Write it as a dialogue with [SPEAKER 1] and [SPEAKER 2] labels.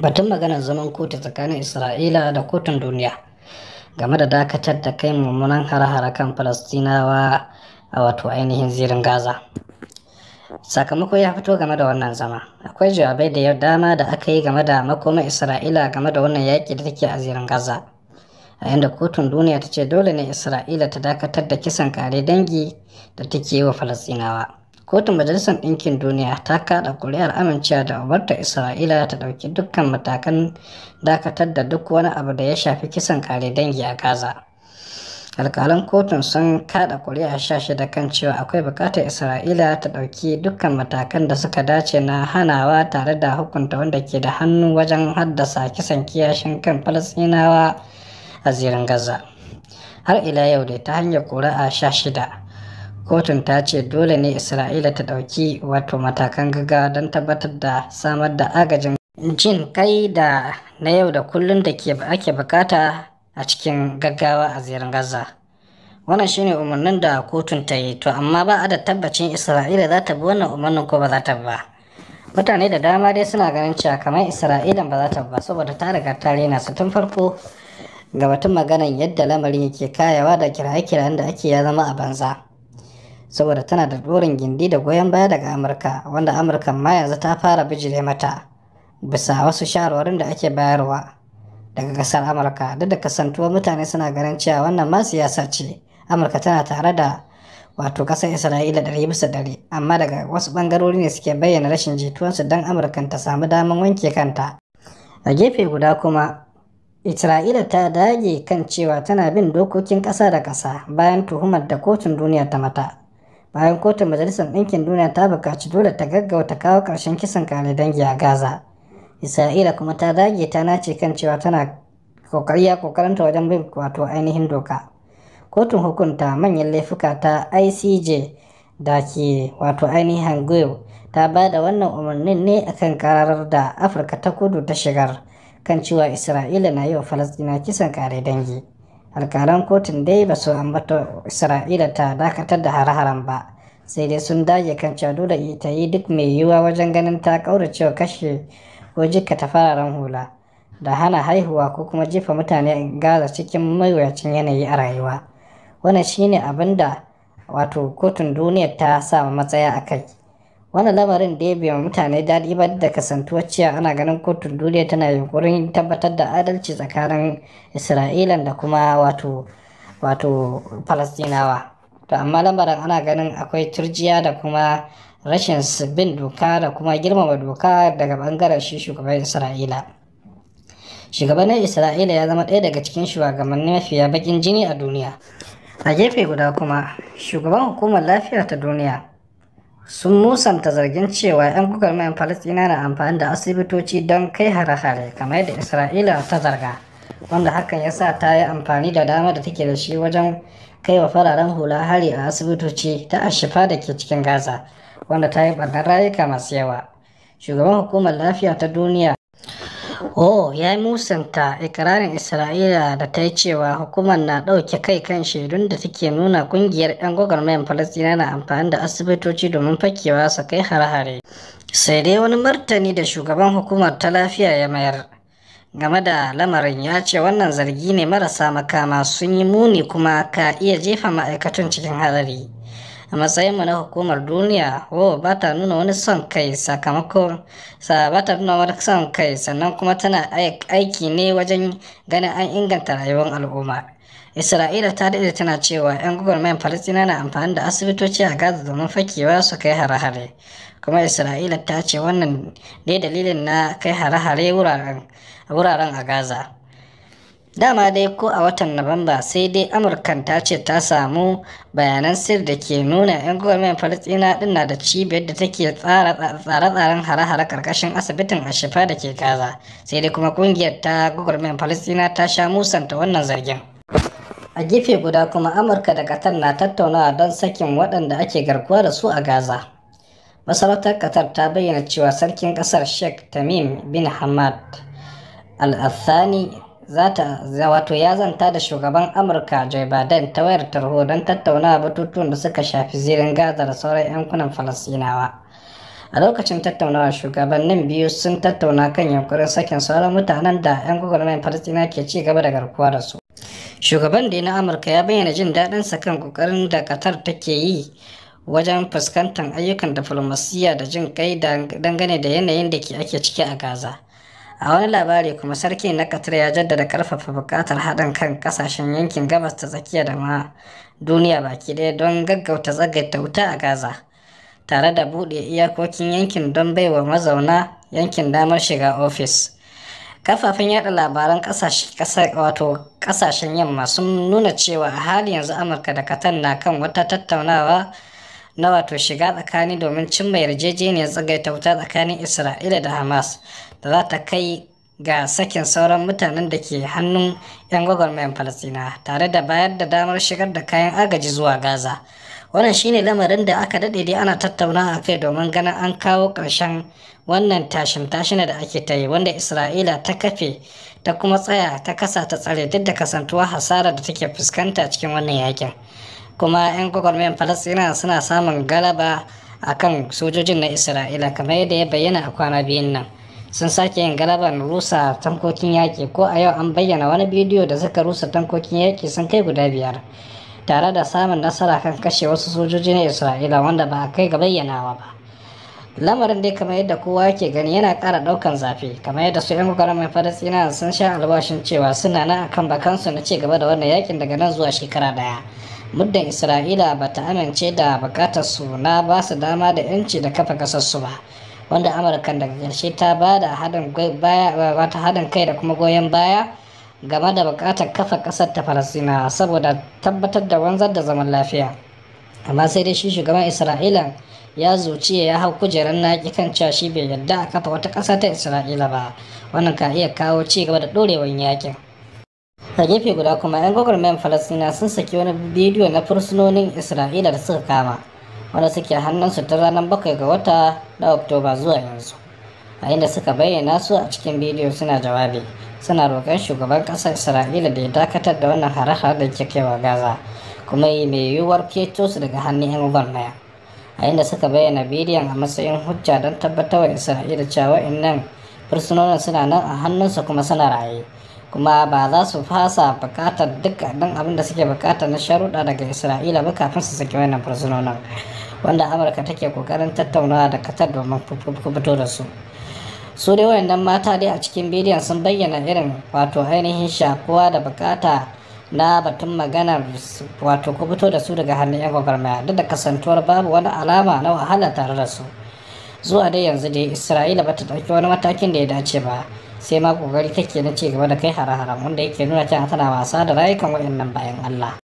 [SPEAKER 1] batun maganar zaman kotu tsakanin isra'ila da kotun duniya game da dakatar da kai mummunan har-hara kan falastinawa a wato ainihin zirin gaza sakamako ya fito game da wannan zama akwai jawabai da dama da aka yi game da makoma isra'ila game da wannan yaƙi da take a zirin gaza a yadda kotun duniya ta ce dole ne isra'ila ta dakatar da kisan kare dangi da take yi wa falastinawa kotun majalisar ɗinkin duniya ta kaɗa kuri'ar amincewa da umarta isra'ila ta ɗauki dukkan matakan dakatar da duk wani abu da ya shafi kisan kare dangi a gaza alkalan kotun sun kaɗa kuri'a sha shida kan cewa akwai bukatar isra'ila ta ɗauki dukkan matakan da suka dace na hanawa tare da hukunta wanda ke da hannu wajen haddasa kisan kiyashin kan Falasinawa a zirin gaza har ila yau dai ta hanyar kuri'a sha shida kotun ta ce dole ne isra'ila ta ɗauki wato matakan gaggawa don tabbatar da samar da agajin jin kai da na yau da kullum da ake bukata a cikin gaggawa a zirin gaza wannan shine umarnin da kotun ta yi to amma ba a da tabbacin isra'ila za ta bi wannan umarnin ko ba za ta ba mutane da dama dai suna ganin cewa kamar isra'ila ba za ta ba saboda ta riga ta rena su tun farko ga batun maganan yadda lamarin yake kayawa da kira kiran da ake ya zama a banza saboda tana da dorin gindi da goyon baya daga amurka wanda amurka ma yanzu ta fara bijire mata bisa wasu shawarwarin da ake bayarwa daga kasar amurka duk da kasantuwa mutane suna ganin cewa wannan ma siyasa ce amurka tana tare da wato kasar isra'ila ɗari bisa ɗari amma daga wasu ɓangarori ne suke bayyana rashin jituwansu don amurkan ta samu damar wanke kanta a gefe guda kuma isra'ila ta dage kan cewa tana bin dokokin ƙasa da ƙasa bayan tuhumar da kotun duniya ta mata bayan kotun majalisar ɗinkin duniya ta buƙaci dole ta gaggauta kawo ƙarshen kisan kare dangi a gaza isra'ila kuma ta dage ta nace kan cewa tana ƙoƙari ya ƙoƙarinta wajen bin wato ainihin doka kotun hukunta manyan laifuka ta icj da ke wato ainihin guil ta ba da wannan umarnin ne a kan karar da afirka ta kudu ta shigar kan cewa isra'ila na yi wa falastina kisan kare dangi alƙalan kotun dai ba su ambata isra'ila ta dakatar da hare-haren ba sai dai sun dage kan cewa dole ita yi duk mai yiwuwa wajen ganin ta kauracewa kashe ko jikka ta fararen hula da hana haihuwa ko kuma jefa mutane gaza cikin mawuyacin yanayi a rayuwa wannan shine abinda wato kotun duniya ta sa matsaya a kai wannan lamarin da ya biya mutane daɗi ba da kasantuwar cewa ana ganin kotun duniya tana yunkurin tabbatar da adalci tsakanin isra'ila da kuma wato wato falastinawa to amma lamarin ana ganin akwai turjiya da kuma rashin bin doka da kuma girmama doka daga bangaren shi shugaban isra'ila shugabannin isra'ila ya zama ɗaya daga cikin shugabanni mafiya bakin jini a duniya a gefe guda kuma shugaban hukumar lafiya ta duniya sun musanta zargin cewa 'yan gwagwarmayan falastina na amfani da asibitoci don kai hare-hare kamar yadda isra'ila ta zarga wanda hakan ya sa ta yi amfani da dama da take da shi wajen kai wa fararen hula hari a asibitoci ta ashifa da ke cikin gaza wanda ta yi ɓarnar rayuka masu yawa shugaban hukumar lafiya ta duniya Oh ya musanta ikirarin Isra'ila da ta yi cewa hukumar na ɗauke kai kan shaidun da take nuna ƙungiyar 'yan gwagwarmayar Falasɗina na amfani da asibitoci domin fakewa su kai hare-hare. Sai dai wani martani da shugaban hukumar ta lafiya ya mayar. Game da lamarin ya ce wannan zargi ne marasa makama sun yi muni kuma ka iya jefa ma'aikatan cikin hadari. a matsayin mu na hukumar duniya wo oh, ba ta nuna wani son kai sakamako sa ba ta nuna wani son kai sannan kuma tana aiki ne wajen ganin an inganta rayuwar al'umma isra'ila ta daɗe tana cewa 'yan gwagwarmayan palestina na amfani da asibitoci a gaza domin fakewa su kai hare-hare kuma isra'ila ta ce wannan ne dalilin na kai hare-hare wuraren a gaza dama dai ko a watan nuwamba sai dai amurka ta ce ta samu bayanan sir da ke nuna 'yan gwamnatin falastina din na da cibiyar da take tsare-tsaren hare-hare karkashin asibitin ashifa da ke gaza sai dai kuma kungiyar ta gwamnatin falastina ta sha musanta wannan zargin a gefe guda kuma amurka da qatar na tattaunawa don sakin waɗanda ake garkuwa da su a gaza masarautar qatar ta bayyana cewa sarkin ƙasar sheikh tamim bin hamad al-athani zata wato ya zanta da shugaban amurka joe biden ta wayar tarho don tattauna batutuwan da suka shafi zirin gaza da sauran yankunan falasinawa a lokacin tattaunawa shugabannin biyu sun tattauna kan yankurin sakin sauran mutanen da 'yan gwagwarmayar falasina ke ci gaba da garkuwa da su shugaban da na amurka ya bayyana jin daɗin sa kan kokarin da qatar take yi wajen fuskantar ayyukan diflomasiyya da jin kai dangane da yanayin da ke ake ciki a gaza a wani labari kuma sarki na katar ya jaddada karfafa bukatar haɗin kan kasashen yankin gabas ta tsakiya da ma duniya baki ɗaya don gaggauta tsagaita wuta a gaza tare da buɗe iyakokin yankin don baiwa mazauna yankin damar shiga ofis kafafen yada labaran kasashen yamma sun nuna cewa a hali yanzu amurka da katar na kan wata tattaunawa na wato shiga tsakani domin cimma yarjejeniyar tsagaita wuta tsakanin isra'ila da hamas da za ta kai ga sakin sauran mutanen da ke hannun 'yan gwagwarmayan falasina tare da bayar da damar shigar da kayan agaji zuwa gaza wannan shine lamarin da aka daɗe dai ana tattauna a kai domin ganin an kawo ƙarshen wannan tashin tashina da ake ta yi wanda isra'ila ta kafe ta kuma tsaya ta kasa ta tsare duk da kasantuwa hasara da take fuskanta cikin wannan yakin kuma 'yan gwagwarmayar falastina suna samun galaba a kan sojojin na isra'ila kamar yadda ya bayyana a kwana biyun nan sun sake yin galaban rusa tankokin yaƙi ko a yau an bayyana wani bidiyo da suka rusa tankokin yaƙi sun kai guda biyar tare da samun nasara kan kashe wasu sojoji na isra'ila wanda ba a kai ga bayyanawa ba lamarin dai kamar yadda kowa ke gani yana ƙara ɗaukan zafi kamar yadda su 'yan gwagwarmayar falastina sun sha albashin cewa suna nan akan bakansu na ci gaba da wannan yakin daga nan zuwa shekara ɗaya muddin isra'ila ba ta amince da bukatar su na ba su dama da yanci da kafa kasarsu ba wanda Amurka daga ƙarshe ta ba da haɗin kai da kuma goyon baya game da bukatar kafa ƙasar ta falasina saboda tabbatar da wanzar da zaman lafiya amma sai dai shi shugaban isra'ila ya zuci ya hau kujerar naki kan cewa shi bai yarda a kafa wata ƙasa ta isra'ila ba wannan ka iya kawo ci gaba da ɗorewar yakin a gefe guda kuma 'yan gwagwarmayan falasina sun saki wani bidiyo na fursunonin isra'ila da suka kama wanda suke hannunsu ta ranar bakwai ga wata na oktoba zuwa yanzu a inda suka bayyana su a cikin bidiyo suna jawabi suna roƙon shugaban ƙasar isra'ila da ya dakatar da wannan hare-hare da ke kaiwa gaza kuma yi mai yiwuwar keto su daga hannun 'yan gwagwarmaya a inda suka bayyana bidiyon a matsayin hujja don tabbatar wa isra'ila cewa nan fursunonin suna nan a hannunsu kuma suna raye kuma ba za su fasa bukatar dukkanin abin da suke bukata na sharuɗa daga isra'ila ba kafin su saki wannan fursunonin wanda amurka take kokarin tattaunawa da katar domin fito da su su dai wayannan mata dai a cikin bidiyon sun bayyana irin wato ainihin shakuwa da bukata na batun maganar wato ku fito da su daga hannun yan gwagwarmaya duk da kasantuwar babu wani alama na wahala tare da su zuwa dai yanzu dai isra'ila ba ta ɗauki wani matakin da ya dace ba sai ma kokari take na ci gaba da kai hare-haren wanda yake nuna cewa tana wasa da rayukan waɗannan bayan Allah